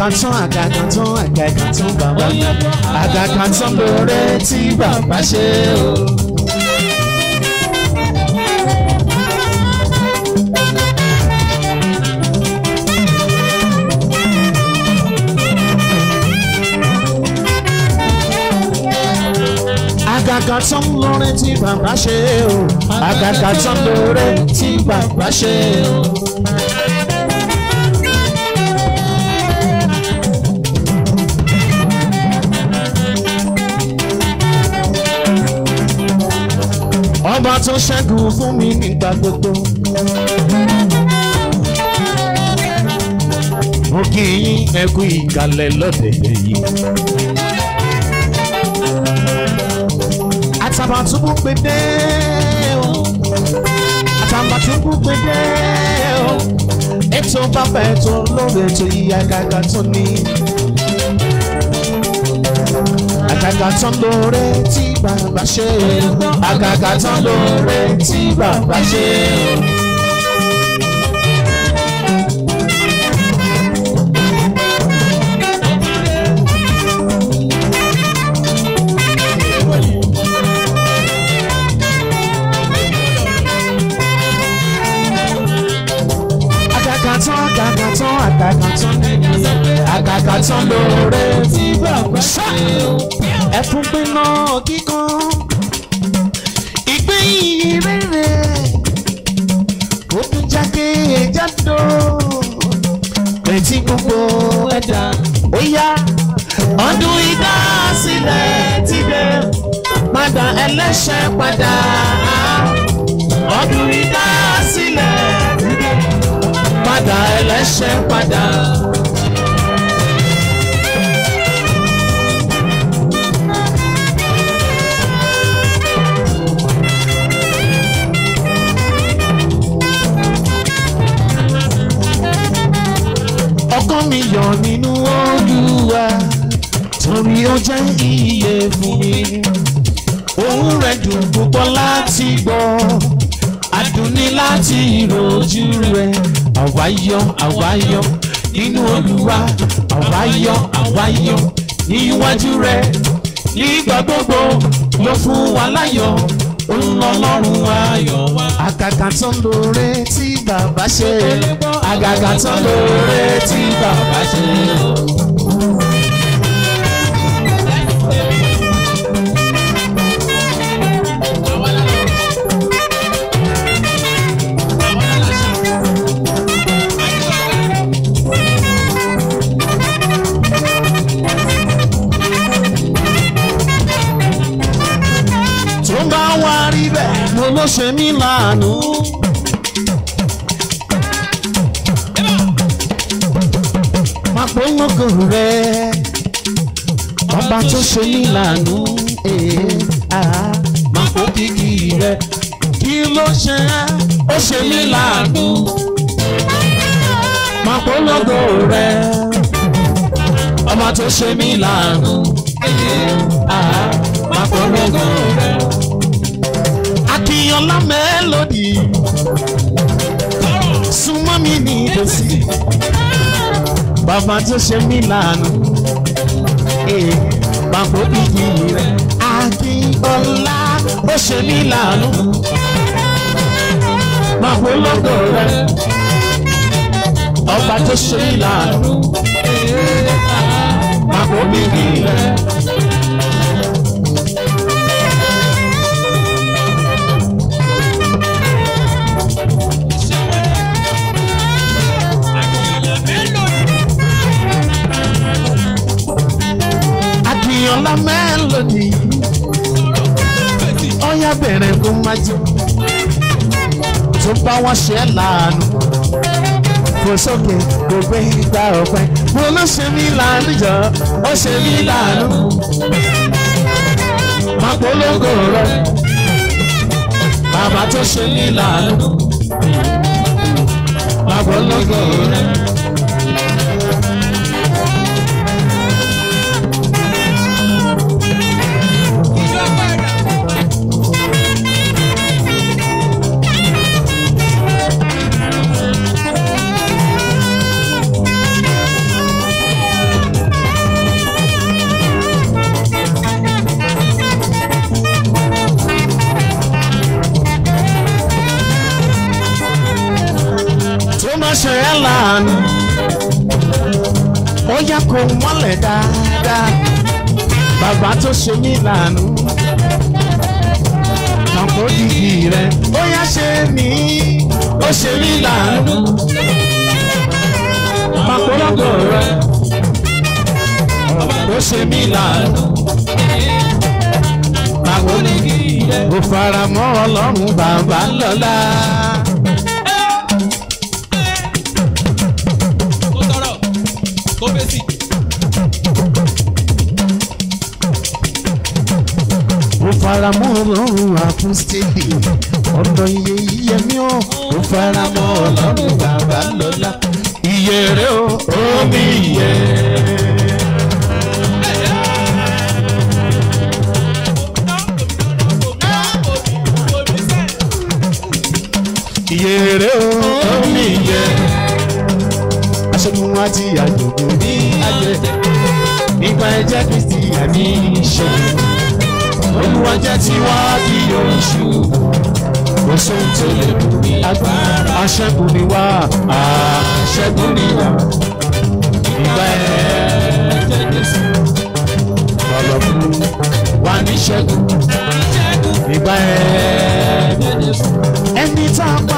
kan tán àga kan tán àga kan tán bàbá àga kan tán lóore tí bàbá ṣe o. àgàgà tán lóore tí bàbá o àgàgà tán lóore tí bàbá o. ọba tó ṣẹ́gun fún mi nígbà gbogbo. mo kí yín ẹ kú ìkàlẹ̀ lọ́dẹ̀dẹ̀ yìí. Àtàbàtúbú pé dé o Àtàbàtúbú pé dé o ètò bàbá ètò lórí ètò ìyá gàgà tó ní àgàgà tán lóore tí bàbá ṣe àgàgà tán lóore tí bàbá ṣe. ẹlẹ́ṣẹ̀ padà ọdún ìdásílẹ̀ padà ẹlẹ́ṣẹ̀ padà. ọkàn mi yọ̀ nínú Olúwa torí ó jẹ́ iye fún mi ohùn rẹ̀ dùn púpọ̀ láti gbọ́ adùnní láti ìròjú rẹ̀ àwáyọ̀ àwáyọ̀ nínú Olúwa àwáyọ̀ àwáyọ̀ níwájú rẹ̀ nígbà gbogbo ló fún wa láyọ̀ ńlọlọ́run ayọ̀ wá. tó ń lóore tí bàbá ṣe àgàgà tó ń lóore tí bàbá ṣe. ló ṣe mí láàánú. máa pọ́ mọ́kòrò rẹ̀ ọba tó ṣe mí láàánú. Eh, ah. máa pọ́ kìkì rẹ̀ kí ló ṣe ó ṣe mí láàánú. máa pọ́ lọ́gọ̀ rẹ̀ ọba tó ṣe Oyinlọ́lá mélòdì súnmọ́ mi ní ìdòsí bàbá tó ṣe mí lànà bàbá òbí rẹ̀ Akínọlá ó ṣe mí lànà bàbá ológo rẹ̀ ọba tó ṣe mí lànà bàbá òbí rẹ̀. Abíọ́lá mélòdì ọ̀yá bẹ̀rẹ̀ kó má jẹ́ tó bá wọ́n ṣe é láàánú kò sókè kò gbé gba ọ̀pẹ mo ló ṣe mí láàánú jọ ó ṣe mí láàánú má polongo rẹ bàbá tó ṣe mí láàánú má polongo rẹ. máa ṣe ẹ́ lànà ó yá kó mọ́lẹ̀ dáadáa bàbá tó ṣe mí lànà kò dìbì rẹ̀ ó yá ṣe mí ó ṣe mí lànà pàpọ́lọ́pọ̀ rẹ̀ ó ṣe mí lànà àwọn onígi rẹ̀ ó faramọ́ ọlọ́run bàbá lọ́la. kọ́bẹ́sì. mo fara mọ́ ọlọ́run àkúnṣẹ́lẹ̀ ọ̀dọ̀ iye iye mi ò mo fara mọ́ ọlọ́run bàbá iye rẹ o omi iye. iye rẹ o omi iye ṣẹ́gun àti àjògùn ní ayé nípa ẹ̀jẹ̀ Kristi àmì ìṣẹ́gun Olúwa jẹ́ tiwa kí òun ṣubú kò sóhun tó lè bù mí agbára aṣẹ́gun ni wá aṣẹ́gun ni wá nípa ẹ̀jẹ̀ Kristi ọlọ́run wà ní ṣẹ́gun nípa ẹ̀jẹ̀ Kristi ẹni tá a.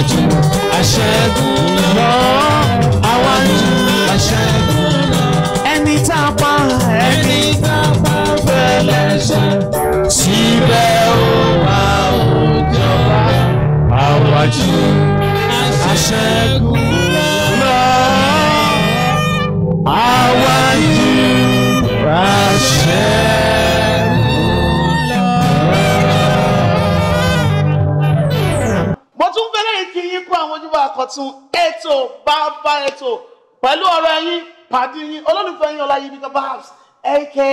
wájú aṣẹ́gun lọ àwájú aṣẹ́gun. lẹ́yìn kí yín kú àwọn ojúbọ àkọ́tún ètò bàbá ètò pẹ̀lú ọ̀rọ̀ ẹ̀yìn pàdé yín olólùfẹ́ yín Ọláyíbíkà Babs aka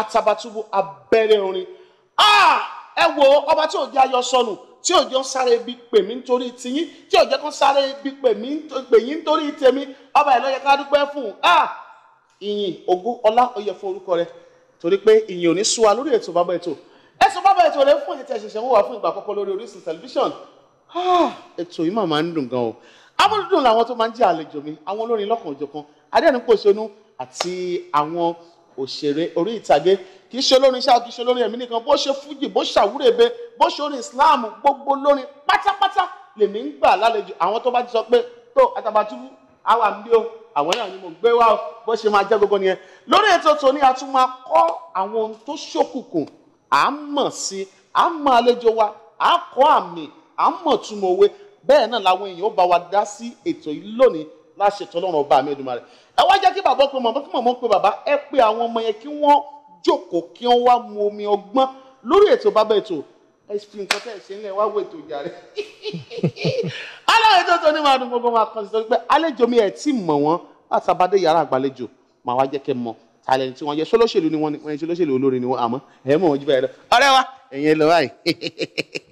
Àtàbàtúbú abẹ́rẹ́ orin ẹ wo ọba tí ò jẹ́ sọnù tí sáré bí pè mí nítorí tiyín tí sáré bí pè mí pè yín ọba ẹ̀ lọ́yẹ ká dúpẹ́ fún ìyìn oyè fún rẹ torí pé ìyìn ò ní sú wa lórí ètò ètò rẹ fún ètò ètò yìí màmá ń dùn gan o amúlùdùn làwọn tó máa ń jẹ́ àlejò mi àwọn olórin lọ́kàn òjọ̀kan adẹ́nupọ̀ṣónú àti àwọn òṣèré orí ìtàgé kì í ṣe olórin ṣáà kì í ṣe olórin ẹ̀mí nìkan bó ṣe fújì bó ṣàwúrèbe bó ṣe orin islam gbogbo lórin pátápátá lèmi ń gbà lálejò àwọn tó bá ti sọ pé tó àtàbàtúbú àwa ń bí o àwọn náà ni mo gbé wá o bó ṣe máa jẹ́ gbogbo nìyẹn lórí ètò tòní a tún máa kọ́ àwọn ohun tó ṣókùnkùn à ń mọ̀ sí à ń mọ àlejò wa à ń kọ́ àmì à ń mọ̀ túmọ̀ òwe bẹ́ẹ̀ náà làwọn èèyàn ó bá wa dá sí ètò yìí lónìí láṣetọ́ lọ́rùn ọba mi Èdùmàrè ẹ wá jẹ́ kí bàbá pé màmá kí màmá pé bàbá ẹ pé àwọn ọmọ yẹn kí wọ́n jókòó kí wọ́n wá mu omi ọgbọ́n lórí ètò bàbá ètò ẹ fi nǹkan tẹ́ ẹ ṣe ńlẹ̀ wá wo ètò ìjà rẹ̀ aláwọ̀ ètò tó ní máa dùn gbogbo máa kàn sí pé àlejò mi ẹ̀ tí mọ̀ wọ́n àtàbádé yàrá àgbàlejò màá wá jẹ́ kẹ́ mọ̀ talẹ̀ tí wọ́n jẹ́ ṣolóṣèlú ni wọ́n ni wọ́n olórin ni wọ́n àmọ́ ẹ̀ mọ̀ wọ́n jù